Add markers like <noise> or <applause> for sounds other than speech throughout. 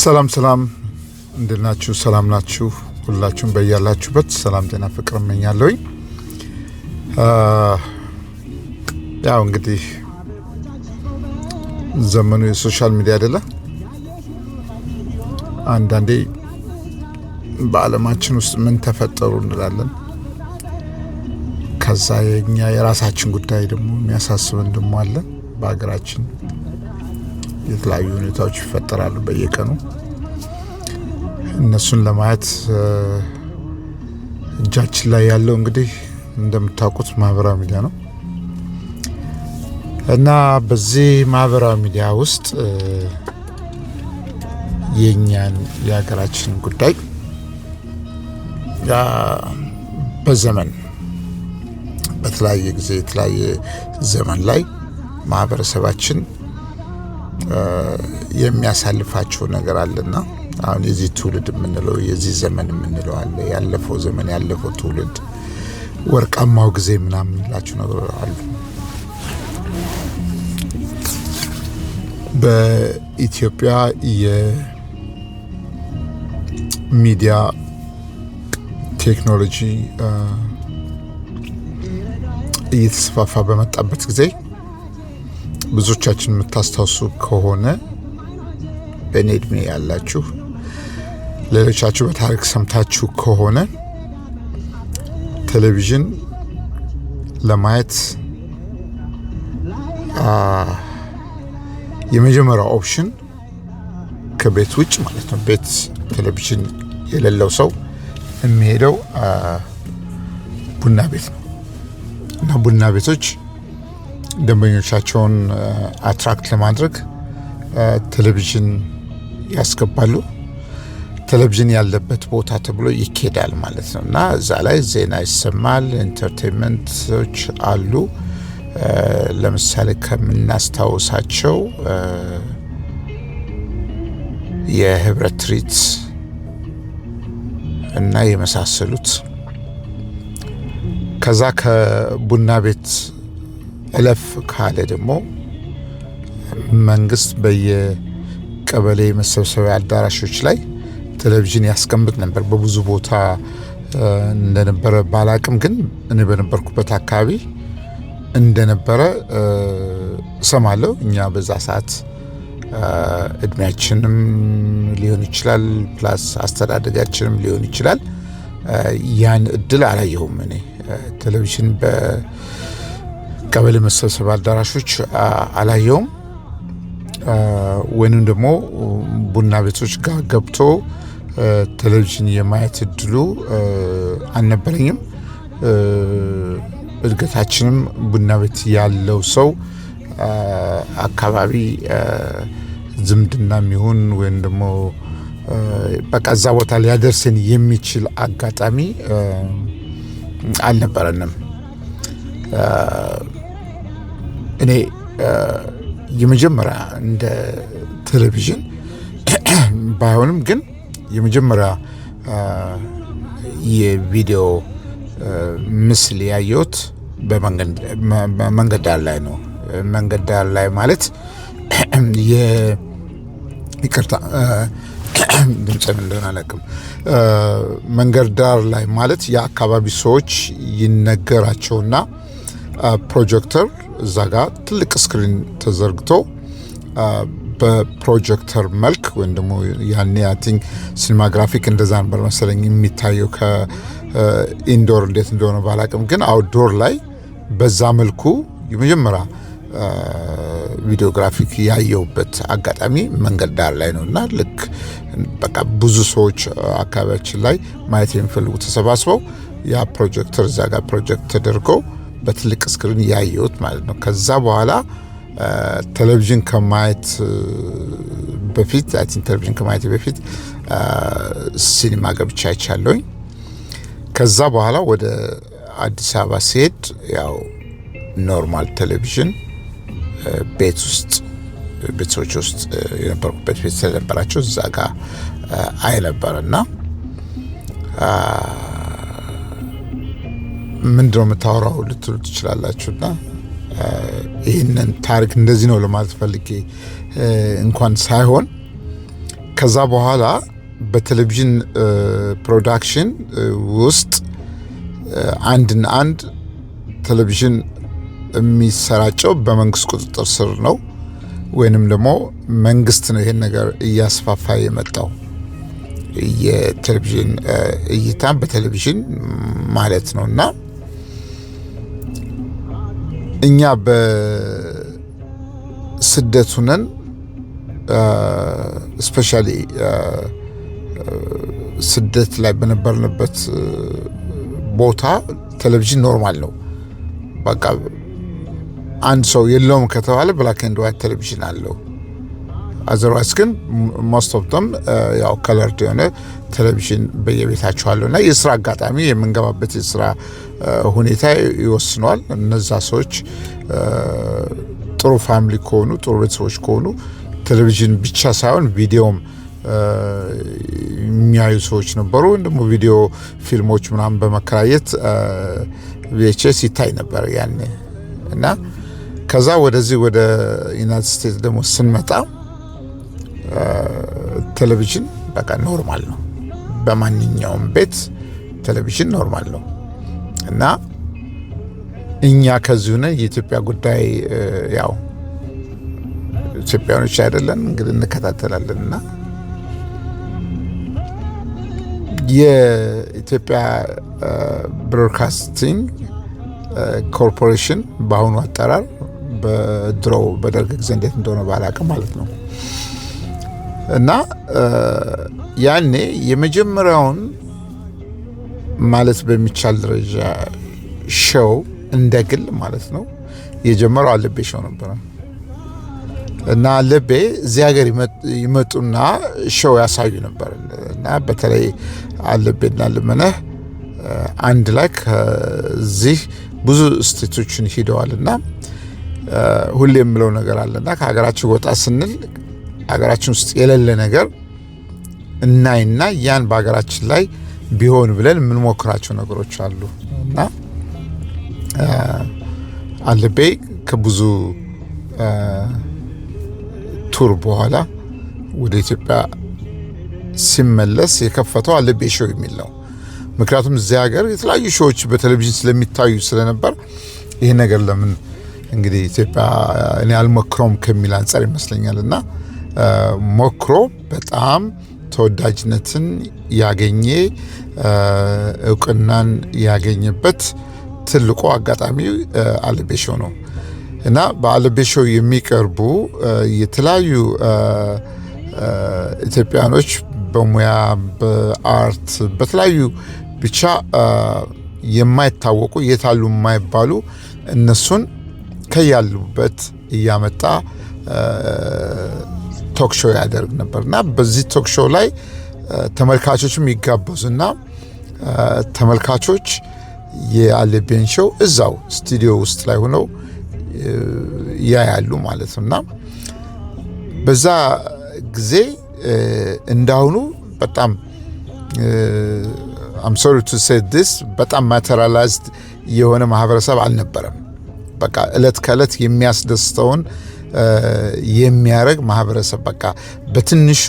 ሰላም ሰላም፣ እንዴት ናችሁ? ሰላም ናችሁ? ሁላችሁም በያላችሁበት ሰላም፣ ጤና፣ ፍቅር እመኛለሁኝ። ያው እንግዲህ ዘመኑ የሶሻል ሚዲያ አይደለ? አንዳንዴ በዓለማችን ውስጥ ምን ተፈጠሩ እንላለን። ከዛ የኛ የራሳችን ጉዳይ ደግሞ የሚያሳስበን ደሞ አለ። በሀገራችን የተለያዩ ሁኔታዎች ይፈጠራሉ በየቀኑ እነሱን ለማየት እጃችን ላይ ያለው እንግዲህ እንደምታውቁት ማህበራዊ ሚዲያ ነው እና በዚህ ማህበራዊ ሚዲያ ውስጥ የእኛን የሀገራችን ጉዳይ በዘመን በተለያየ ጊዜ የተለያየ ዘመን ላይ ማህበረሰባችን የሚያሳልፋቸው ነገር አለና አሁን የዚህ ትውልድ የምንለው የዚህ ዘመን የምንለው አለ። ያለፈው ዘመን ያለፈው ትውልድ ወርቃማው ጊዜ ምናምን ላችሁ ነገር አሉ። በኢትዮጵያ የሚዲያ ቴክኖሎጂ እየተስፋፋ በመጣበት ጊዜ ብዙዎቻችን የምታስታውሱ ከሆነ በእኔ እድሜ ያላችሁ ሌሎቻችሁ በታሪክ ሰምታችሁ ከሆነ ቴሌቪዥን ለማየት የመጀመሪያው ኦፕሽን ከቤት ውጭ ማለት ነው። ቤት ቴሌቪዥን የሌለው ሰው የሚሄደው ቡና ቤት ነው እና ቡና ቤቶች ደንበኞቻቸውን አትራክት ለማድረግ ቴሌቪዥን ያስገባሉ። ቴሌቪዥን ያለበት ቦታ ተብሎ ይኬዳል ማለት ነው እና እዛ ላይ ዜና ይሰማል። ኢንተርቴንመንቶች አሉ። ለምሳሌ ከምናስታውሳቸው የህብረት ትርኢት እና የመሳሰሉት ከዛ ከቡና ቤት እለፍ ካለ ደግሞ መንግስት በየቀበሌ መሰብሰቢያ አዳራሾች ላይ ቴሌቪዥን ያስቀምጥ ነበር በብዙ ቦታ እንደነበረ ባላቅም፣ ግን እኔ በነበርኩበት አካባቢ እንደነበረ እሰማለሁ። እኛ በዛ ሰዓት እድሜያችንም ሊሆን ይችላል፣ ፕላስ አስተዳደጋችንም ሊሆን ይችላል። ያን እድል አላየሁም እኔ ቴሌቪዥን በቀበሌ መሰብሰብ አዳራሾች አላየውም። ወይንም ደግሞ ቡና ቤቶች ጋር ገብቶ ቴሌቪዥን የማየት እድሉ አልነበረኝም። እድገታችንም ቡና ቤት ያለው ሰው አካባቢ ዝምድና የሚሆን ወይም ደግሞ በቃ እዛ ቦታ ሊያደርሰን የሚችል አጋጣሚ አልነበረንም። እኔ የመጀመሪያ እንደ ቴሌቪዥን ባይሆንም ግን የመጀመሪያ የቪዲዮ ምስል ያየሁት በመንገድ ዳር ላይ ነው። መንገድ ዳር ላይ ማለት <clears throat> ይቅርታ፣ <clears throat> ድምፅን እንደሆነ አላውቅም። መንገድ ዳር ላይ ማለት የአካባቢ ሰዎች ይነገራቸውና ፕሮጀክተር እዛ ጋር ትልቅ ስክሪን ተዘርግቶ በፕሮጀክተር መልክ ወይም ደግሞ ያኔ አይ ቲንክ ሲኒማግራፊክ እንደዛ ነበር መሰለኝ የሚታየው ከኢንዶር እንዴት እንደሆነ ባላቅም፣ ግን አውትዶር ላይ በዛ መልኩ የመጀመሪያ ቪዲዮ ግራፊክ ያየውበት አጋጣሚ መንገድ ዳር ላይ ነው እና ልክ በቃ ብዙ ሰዎች አካባቢያችን ላይ ማየት የሚፈልጉ ተሰባስበው ያ ፕሮጀክተር እዛ ጋር ፕሮጀክት ተደርገው በትልቅ ስክሪን ያየሁት ማለት ነው። ከዛ በኋላ ቴሌቪዥን uh, ከማየት uh, በፊት አይ ቴሌቪዥን ከማየት በፊት uh, ሲኒማ ገብቼ አይቻለሁኝ። ከዛ በኋላ ወደ አዲስ አበባ ሲሄድ ያው ኖርማል ቴሌቪዥን ቤት ውስጥ ቤተሰቦች ውስጥ የነበርኩበት ቤት ስለነበራቸው እዛ ጋ አይ ነበር እና ምንድነው የምታወራው ልትሉ ትችላላችሁና ይህንን ታሪክ እንደዚህ ነው ለማለት ፈልጌ እንኳን ሳይሆን ከዛ በኋላ በቴሌቪዥን ፕሮዳክሽን ውስጥ አንድና አንድ ቴሌቪዥን የሚሰራጨው በመንግስት ቁጥጥር ስር ነው፣ ወይንም ደግሞ መንግስት ነው ይሄን ነገር እያስፋፋ የመጣው የቴሌቪዥን እይታን በቴሌቪዥን ማለት ነው እና እኛ በስደት ሁነን እስፔሻሊ ስደት ላይ በነበርንበት ቦታ ቴሌቪዥን ኖርማል ነው። በቃ አንድ ሰው የለውም ከተባለ ብላክ ኤንድ ዋይት ቴሌቪዥን አለው። አዘርዋይስ ግን ሞስት ኦፍ ደም ያው ከለርድ የሆነ ቴሌቪዥን በየቤታቸው አለው እና የስራ አጋጣሚ የምንገባበት የስራ uh, ሁኔታ ይወስነዋል። እነዛ ሰዎች uh, ጥሩ ፋሚሊ ከሆኑ ጥሩ ቤተሰቦች ከሆኑ ቴሌቪዥን ብቻ ሳይሆን ቪዲዮም uh, የሚያዩ ሰዎች ነበሩ። ወይም ደግሞ ቪዲዮ ፊልሞች ምናምን በመከራየት ቪኤችኤስ ይታይ ነበር ያኔ እና ከዛ ወደዚህ ወደ ዩናይትድ ስቴትስ ደግሞ ስንመጣ ቴሌቪዥን በቃ ኖርማል ነው። በማንኛውም ቤት ቴሌቪዥን ኖርማል ነው እና እኛ ከዚሁ ነ የኢትዮጵያ ጉዳይ ያው ኢትዮጵያኖች አይደለን እንግዲህ እንከታተላለን እና የኢትዮጵያ ብሮድካስቲንግ ኮርፖሬሽን በአሁኑ አጠራር በድሮው በደርግ ጊዜ እንዴት እንደሆነ ባላቅም ማለት ነው እና ያኔ የመጀመሪያውን ማለት በሚቻል ደረጃ ሸው እንደ ግል ማለት ነው የጀመረው አለቤ ሸው ነበረ። እና አለቤ እዚህ ሀገር ይመጡና ሸው ያሳዩ ነበር። እና በተለይ አለቤና ልመነህ አንድ ላይ ከዚህ ብዙ ስቴቶችን ሂደዋል እና ሁሌ የምለው ነገር አለና ከሀገራችን ወጣ ስንል ሀገራችን ውስጥ የሌለ ነገር እናይና ያን በሀገራችን ላይ ቢሆን ብለን የምንሞክራቸው ነገሮች አሉ እና አልቤ ከብዙ ቱር በኋላ ወደ ኢትዮጵያ ሲመለስ የከፈተው አልቤ ሾው የሚል ነው። ምክንያቱም እዚያ ሀገር የተለያዩ ሾዎች በቴሌቪዥን ስለሚታዩ ስለነበር ይህ ነገር ለምን እንግዲህ ኢትዮጵያ እኔ አልሞክረውም ከሚል አንጻር ይመስለኛል እና ሞክሮ በጣም ተወዳጅነትን ያገኘ እውቅናን ያገኘበት ትልቁ አጋጣሚ አለቤሾ ነው እና በአለቤሾ የሚቀርቡ የተለያዩ ኢትዮጵያኖች በሙያ በአርት በተለያዩ ብቻ የማይታወቁ የታሉ የማይባሉ እነሱን ከያሉበት እያመጣ ቶክ ሾው ያደርግ ነበር እና በዚህ ቶክ ሾው ላይ ተመልካቾችም እና ተመልካቾች የአለቤን ሾው እዛው ስቱዲዮ ውስጥ ላይ ሆነው ያያሉ ማለት ነው እና በዛ ጊዜ እንዳሁኑ በጣም አም ሶሪ ቱ ሴ ዲስ በጣም ማቴሪያላይዝድ የሆነ ማህበረሰብ አልነበረም። በቃ እለት ከእለት የሚያስደስተውን የሚያደርግ ማህበረሰብ በቃ በትንሹ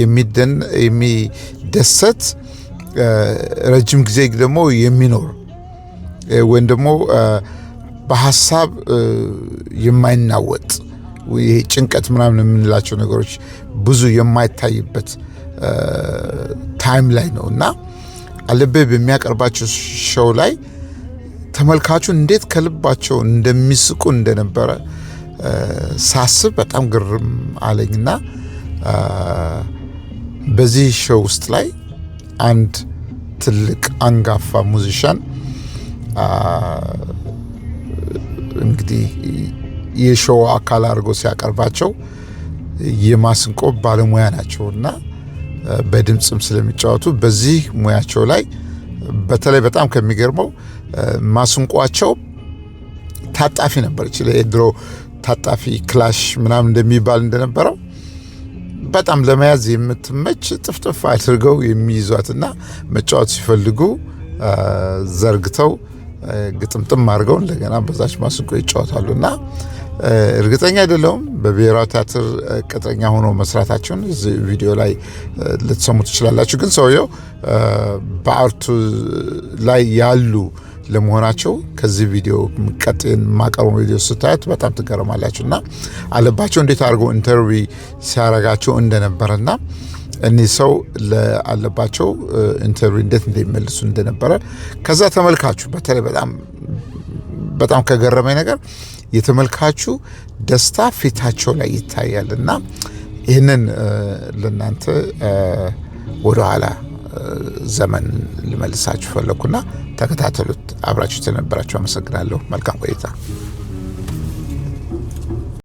የሚደሰት ረጅም ጊዜ ደግሞ የሚኖር ወይም ደግሞ በሀሳብ የማይናወጥ ይሄ ጭንቀት ምናምን የምንላቸው ነገሮች ብዙ የማይታይበት ታይም ላይ ነው እና አለቤ በሚያቀርባቸው ሸው ላይ ተመልካቹ እንዴት ከልባቸው እንደሚስቁ እንደነበረ ሳስብ በጣም ግርም አለኝና በዚህ ሾው ውስጥ ላይ አንድ ትልቅ አንጋፋ ሙዚሻን እንግዲህ የሾው አካል አድርጎ ሲያቀርባቸው የማስንቆ ባለሙያ ናቸው እና በድምፅም ስለሚጫወቱ በዚህ ሙያቸው ላይ በተለይ በጣም ከሚገርመው ማስንቋቸው ታጣፊ ነበረች። ድሮ ታጣፊ ክላሽ ምናምን እንደሚባል እንደነበረው በጣም ለመያዝ የምትመች ጥፍጥፍ አድርገው የሚይዟትና መጫወት ሲፈልጉ ዘርግተው ግጥምጥም አድርገው እንደገና በዛች ማሲንቆ ይጫወታሉ እና እርግጠኛ አይደለውም በብሔራዊ ቲያትር ቅጥረኛ ሆኖ መስራታቸውን እዚህ ቪዲዮ ላይ ልትሰሙ ትችላላችሁ። ግን ሰውየው በአርቱ ላይ ያሉ ለመሆናቸው ከዚህ ቪዲዮ ቀጥን የማቀርበው ቪዲዮ ስታዩት በጣም ትገረማላችሁ። እና አለባቸው እንዴት አድርገው ኢንተርቪ ሲያረጋቸው እንደነበረና እኒህ ሰው ለአለባቸው ኢንተርቪ እንዴት እንደሚመልሱ እንደነበረ ከዛ ተመልካቹ በተለይ በጣም በጣም ከገረመኝ ነገር የተመልካቹ ደስታ ፊታቸው ላይ ይታያል እና ይህንን ለእናንተ ወደኋላ ዘመን ልመልሳችሁ ፈለግኩና ተከታተሉት። አብራችሁ የነበራችሁ አመሰግናለሁ። መልካም ቆይታ